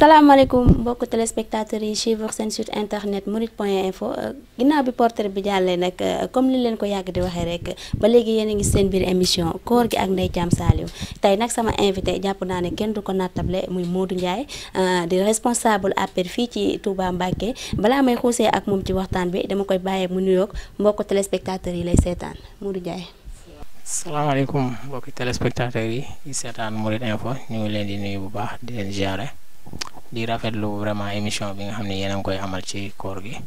salaamaaleykum mbokk téléspectateurs yi suivre seen site internet mourides point info ginnaaw bi portrait bi jàllee nag comme li leen ko yàgg di waxee rek ba léegi yéen ngi seen biir émission koor gi ak Ndeye Thiam Saliou tey nag sama invité jàpp naa ne kenn du ko nattable muy Modou Ndiaye euh, di responsable APR fii ci Touba Mbacké balaa may xuusee ak moom ci waxtaan bi dama koy bàyyee mu nuyoog mbokk téléspectateurs yi lay seetaan Modou Ndiaye. salaamaaleykum mbokk téléspectateurs yi yi seetaan Mourides info ñu ngi leen di nuyu bu baax di leen ziare. di rafetlu vraiment émission bi nga xam ne yéen a ngi koy amal ci koor gi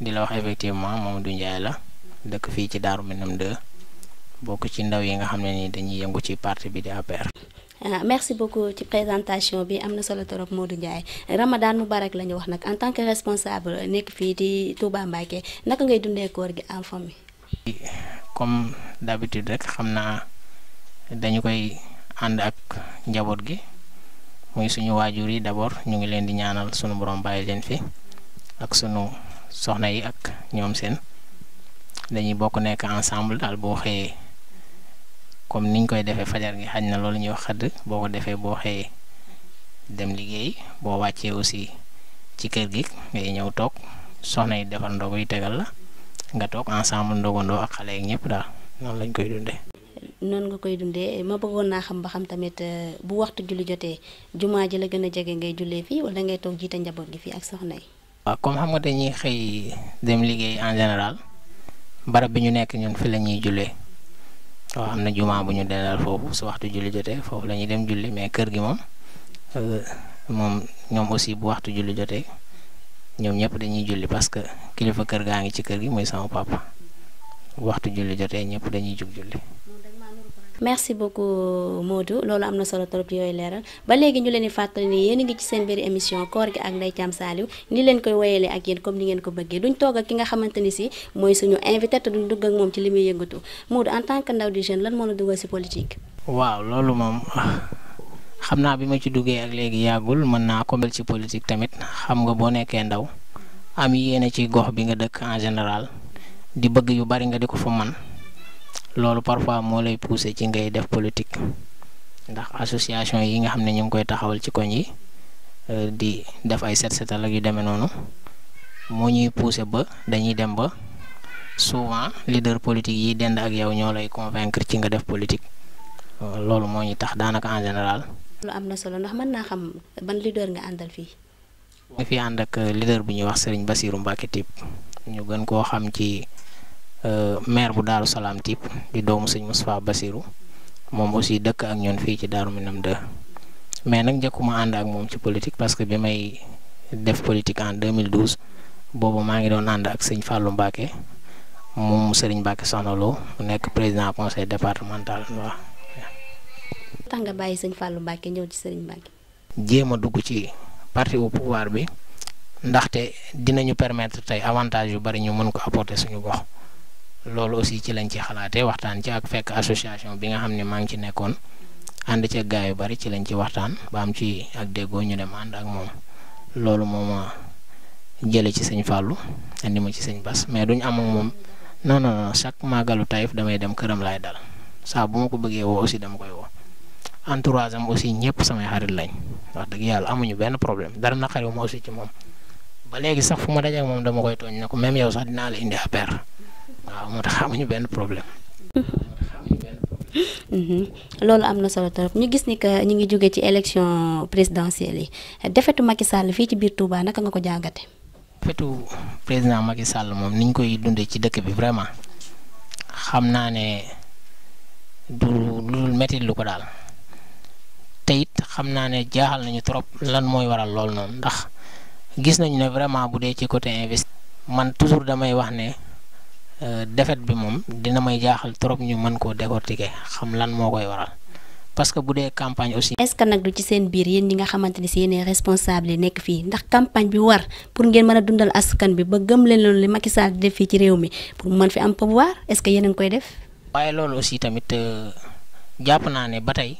di la wax effectivement du Ndiaye la dëkk fii ci daaru Minam 2 bokk ci ndaw yi nga xam ne ni dañuy yëngu ci parti bi di APR. Ah, merci beaucoup ci présentation bi am na solo torop Modou Ndiaye Ramadan Moubarak la ñu wax nag en tant que responsable nekk fii di Touba Mbacké naka ngay dundee koor gi en famille. comme d'habitude rek xam naa dañu koy ànd ak njaboot gi. muy suñu waajur yi d'abord ñu ngi leen di ñaanal sunu borom bàyyi leen fi ak sunu soxna yi ak ñoom seen dañuy bokk nekk ensemble daal boo xëyee comme niñ koy defee fajar gi xaj na loolu ñuy wax xëdd boo ko defee boo xëyee dem liggéey boo wàccee aussi ci kër gi ngay ñëw toog soxna yi defar ndogu yi tegal la nga toog ensemble ndogandoo ak xale yi ñëpp daal noonu lañ koy dundee. noonu nga koy dundee ma bëggoon naa xam ba xam tamit euh, bu waxtu julli jotee jumaa ji la gën a jege ngay jullee fii wala ngay toog jiite njaboot gi fii ak soxna yi. waaw comme xam nga dañuy xëy dem liggéey en général barab bi ñu nekk ñun fi la ñuy jullee waaw xam ne jumaa bu ñu dendal foofu su waxtu julli jotee foofu la ñuy dem julli mais kër gi moom euh, moom ñoom aussi bu waxtu julli jotee ñoom ñëpp dañuy julli parce que kilifa kër gaa ngi ci kër gi muy sama papa waxtu julli jotee ñëpp dañuy jug julli. merci beaucoup Modou loolu am na solo trop yooyu leeral ba léegi ñu leen di fàttali ni yéen a ngi ci seen biir émission koor gi ak Ndeye Thiam Saliou ni leen koy woyalee ak yéen comme ni ngeen ko bëggee duñ toog ak ki nga xamante ni si mooy suñu invité te duñ dugg ak moom ci li muy yëngatu Modou en tant que ndaw di jeune lan moo la dugal si politique. waaw loolu moom xam naa bi ma ci duggee ak léegi yàggul mën naa ko mel ci politique tamit xam nga boo nekkee ndaw am yéene ci gox bi nga dëkk général di bëgg yu bari nga di ko fa man loolu parfois mulai lay pousser ci ngay def politique ndax association yi nga xamne ñing koy taxawal ci koñ yi euh, di def ay set setal ak yu demee nonu mo ñuy pousser ba dañuy dem ba souvent leader politique yi dend ak yow ñolay convaincre ci nga def politique euh, loolu mo ñuy tax danaka en général. lu amna solo ndax man na xam ban leader nga andal fi fi ke leader bu ñuy wax Serigne Bassirou mbake tip ñu gën ko xam ci. Eh, maire bu daru salam tip di doomu seigne Moustapha Basirou mom aussi dekk ak ñun fi ci daru Minam de mais nak jekuma and ak mom ci politique parce que bi may def politique en 2012 bobo ma ngi doon ànd ak seigne Fallou mbake mom seigne mbake sanolo nek président conseil départemental wa tanga baye seigne Fallou mbake ñew ci seigne mbake jema dugg ci parti au pouvoir bi ndaxte dinañu permettre tay avantage yu bari ñu mën ko apporter suñu gox. loolu aussi ci lañ ci xalaatee waxtaan ci ak fekk association bi nga xam ne maa ngi ci nekkoon ànd ci ak gaay yu bari ci lañ ci waxtaan ba am ci ak déggoo ñu dem ànd ak moom loolu moom ma jële ci sëñ Fallou andi ma ci sëñ Bas mais duñ am ak moom noonu non non chaque màggalu Taïf damay dem këram laay dal saa bu ma ko bëggee woo aussi dama koy woo entourage am aussi ñëpp samay xarit lañ wax dëgg yàlla amuñu benn problème dara naqariwu ma aussi ci moom ba léegi sax fu ma dajeek moom dama koy tooñ ne ko même yow sax dinaa la indi affaire. waaw moo tax ñu benn problème. Mm-hmm. loolu am na solo trop ñu gis ni que ñu ngi jógee ci élection présidentielle yi defetu Macky sàll fii ci biir Touba naka nga ko jàngate defetu président Macky sàll moom niñ koy dundee ci dëkk bi vraiment xam naa ne du lu métti lu ko daal te it xam naa ne jaaxal nañu trop lan mooy waral lool noonu ndax gis nañu ne vraiment bu dee ci côté investi man toujours damay wax ne. Euh, defet bi mom dina may jaaxal trop ñu man ko décortiquer xam lan mo koy waral parce que boudé campagne aussi. est ce que nak du ci seen biir yeen yi nga xamanteni ci si responsable nek fi ndax campagne bi war pour ngeen mën dundal askan bi ba gëm leen loolu li Macky Sall def fi ci réew mi pour man fi am pouvoir est ce que yeen a ngi koy def. waye loolu aussi tamit euh, japp na ne batay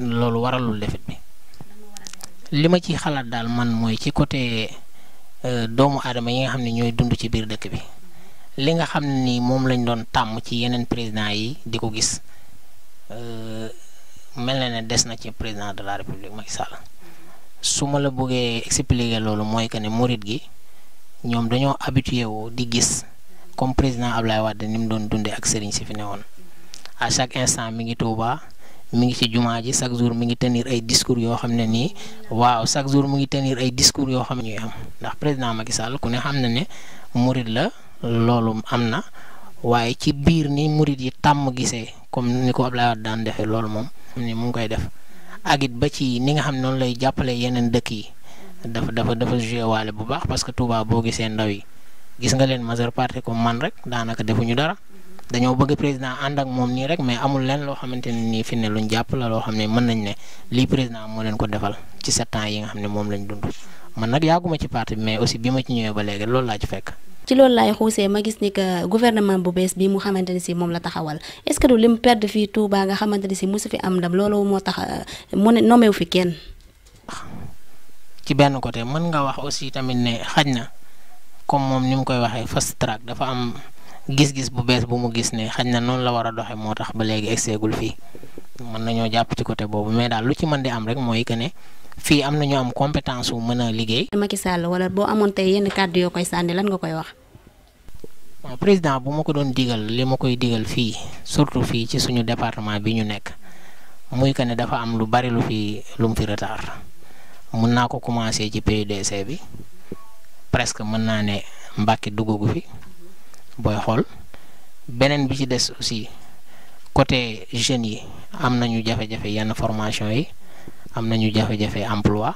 lolu waralul defet bi lima ci xalat dal man moy ci côté euh, doomu adama yi nga xamni ñoy dund ci biir dëkk bi. li nga xam ni moom lañ doon tàmm ci yeneen président yi di ko gis euh, mel na ne des na ci président de la république Macky Sall su ma la bëggee expliquer loolu mooy que ne morit gi ñoom dañoo habitué wu di gis comme président Ablaye Wade ni mu doon dundee ak sëriñ si fi ne woon à chaque instant mi ngi Touba mu ngi ci jumaa ji chaque jour mi ngi tenir ay discours yoo xam ne nii waaw chaque jour mu ngi tenir ay discours yoo xam ne ñuy am ndax président Macky Sall ne xam na ne murit la. loolu am na waaye ci biir ni murit yi tàmm gisee comme ni ko Abdoulaye Wade daan defee loolu moom ni mu ngi koy def agit ba ci ni nga xam noonu lay jàppale yeneen dëkk yi dafa dafa dafa joué waale bu baax parce que Touba boo gisee ndaw yi gis nga leen majeure partie comme man rek daanaka defuñu dara dañoo bëgg président ànd ak moom nii rek mais amul leen loo xamante ne nii fi ne luñ jàpp loo xam ne mën nañ ne lii président moo leen ko defal ci sept yi nga xam ne moom lañ dund man nag yàgguma ci parti mais aussi bi ma ci ñëwee ba léegi loolu laa ci fekk. ci loolu laay xuusee ma gis ni que gouvernement bu bees bii mu xamante ne si moom la taxawal est-ce que du lim perdre fii Touba nga xamante ne si mosu fi am ndam loolu moo tax euh, mu ne nomewu fi kenn. ci benn côté mën nga wax aussi tamit ne xaj na comme moom ni mu koy waxee fast track dafa am gis-gis bu bees bu mu gis ne xaj na noonu la war a doxee moo tax ba léegi egseegul fii mën nañoo jàpp ci côté boobu mais daal lu ci mën di am rek mooy que ne. fii am na ñu am compétence wu mën a liggéey. Macky Sall wala boo amoon tey yenn kàddu yoo koy sànni lan nga koy wax. président bu ma ko doon digal li ma koy digal fii surtout fii ci suñu département bi ñu nekk muy que ne dafa am lu bari lu fii lu mu fi retard mun naa ko commencé ci PUDC bi presque mën naa ne Mbàkke duggagu fi booy xool beneen bi ci des aussi côté jeunes yi am nañu jafe-jafe yenn formation yi. am nañu jafe-jafe emploi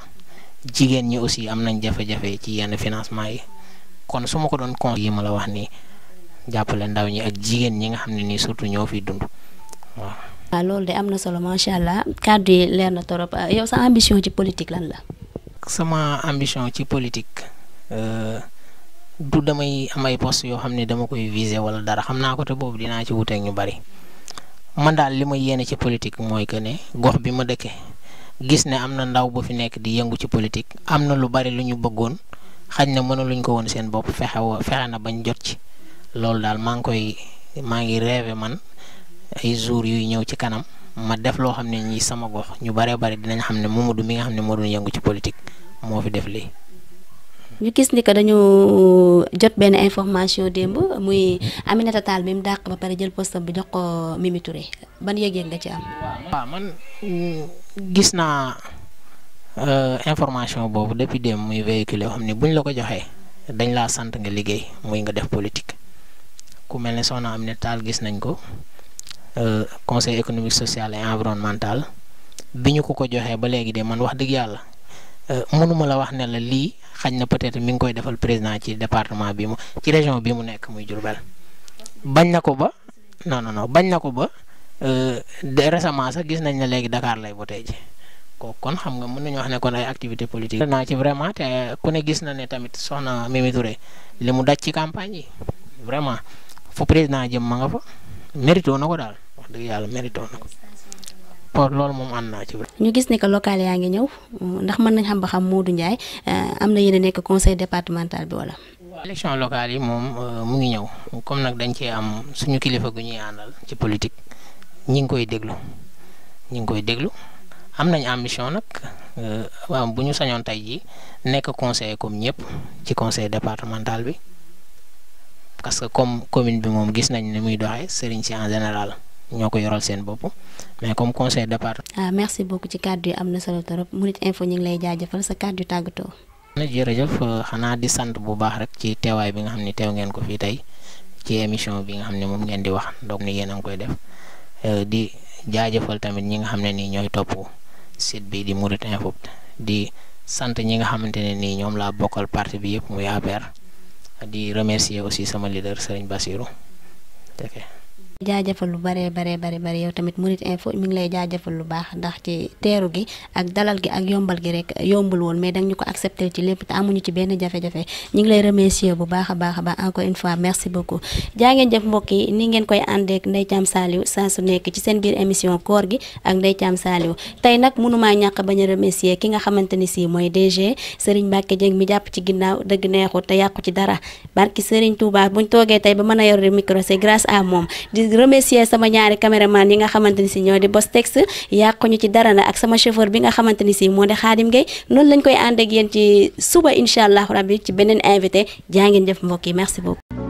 jigéen ñi aussi am nañ jafe-jafe ci yenn financement yi kon su ma ko doon conseil yi ma la wax nii jàppale ndaw ñi ak jigéen ñi nga xam ne nii surtout ñoo fi dund waaw. Ah, loolu de am na solo macha allah kàddu yi leer na torop ah, yow sa ambition ci politique lan la. sama ambition ci politique euh, du damay amay ay yoo xam ne dama koy viser wala dara xam naa côté boobu dinaa ci wuteek ñu bari man daal li ma yéene ci politique mooy que ne gox bi ma dëkkee. gis ne am na ndaw bu fi nekk di yëngu ci politique am na lu bari lu ñu bëggoon xaj na mëna luñ ko woon seen bopp fexe fexe na bañ jot ci loolu daal maa ngi koy maa ngi rêvé man ay jour yuy ñëw ci kanam ma def loo xam ne ñi sama gox ñu baree bari dinañ xam ne Mamadou mi nga xam ne moo doon yëngu ci politique moo fi def lii. ñu gis ni que dañu jot benn information démb muy Aminata Tall mi mu dàq ba pare jël poste bi jox ko Mimi Touré ban yëg-yëg nga ci am. waaw man mm, gis naa euh, information boobu depuis dem muy véhiculé yoo xam ne buñ la ko joxee dañ laa sant nga liggéey muy nga def politique ku mel ne soxna am ne taal gis nañ ko euh, conseil économique social et environnemental bi ñu ko ko joxee ba léegi de man wax dëgg yàlla euh, mënuma la wax ne la lii xañ na peut-être mi ngi koy defal président ci département bi mu ci région bi mu nekk muy Diourbel bañ na ko ba non non non bañ na ko ba. Euh, récemment sax gis nañ ne léegi dakaar lay voté ji kooku kon xam nga mun nañu wax ne kon ay activité politique naa ci vraiment te ku ne gis na ne tamit soxna Mimi Touré li mu daj ci campagne yi vraiment fu président jëm ma nga fa mérito na ko daal wax dëgg yàlla mérito na ko pour loolu moom ànd naa ci. ñu gis ne que local yaa ngi ñëw ndax mën nañ xam ba xam Modou Ndiaye euh, am na yéen a nekk conseil départemental bi wala. élection locale yi moom euh, mu ngi ñëw comme nag dañ cee am suñu kilifa gu ñuy àndal ci politique ñi ngi koy déglu ñi ngi koy déglu am nañ ambition nag euh, waaw bu ñu sañoon tey jii nekk conseiller comme ñëpp ci conseil départemental bi parce que comme commune bi moom gis nañ ni muy doxee sëriñ si en général ñoo ko yoral seen bopp mais comme conseil départemental. ah merci beaucoup ci kàddu yi am na solo trop Mourides Info ñu ngi lay jaajëfal sa kàddu yu tàggatoo. jërëjëf euh, xanaa di sant bu baax rek ci teewaay bi nga xam ni teew ngeen ko fii tey ci émission bi nga xam ne moom ngeen di wax donc ni yéen a ngi koy def. Eh, di jaajëfal tamit ñi nga xam ne nii ñooy topp site bi di Mourides Info di sant ñi nga xamante ne nii ñoom laa bokkal parti bi yëpp muy APR di remercier aussi sama leader Serigne Bassirou jaajëfal lu bare bare bare bare yow tamit Mouride info mi ngi lay jaajëfal lu baax ndax ci teeru gi ak dalal gi ak yombal gi rek yombul woon mais danga ñu ko accepter ci lépp te amuñu ci benn jafe-jafe ñu ngi lay remercier bu baax a baax a baax encore une fois merci beaucoup jaa ngeen jëf yi ni ngeen koy àndeek Ndeye Thiam Saliou saa su nekk ci seen biir émission koor gi ak Ndeye Thiam Saliou tey nag mënumaa ñàkk bañ a remercier ki nga xamante ni si mooy DG Serigne Mbacké Dieng mi jàpp ci ginnaaw dëgg neexu te yàqu ci dara barki Serigne Touba buñ toogee tey ba mën a yor micro c'est di remercier sama ñaari caméraman yi nga xamante ni si ñoo di Boss Tex yàquñu ci dara na ak sama chauffeur bi nga xamante ni si moo di Xaadim Gueye noonu lañ koy ànd ak yéen ci suba incha allah rabbi ci beneen invité jaa ngeen jëf mbokk yi merci beaucoup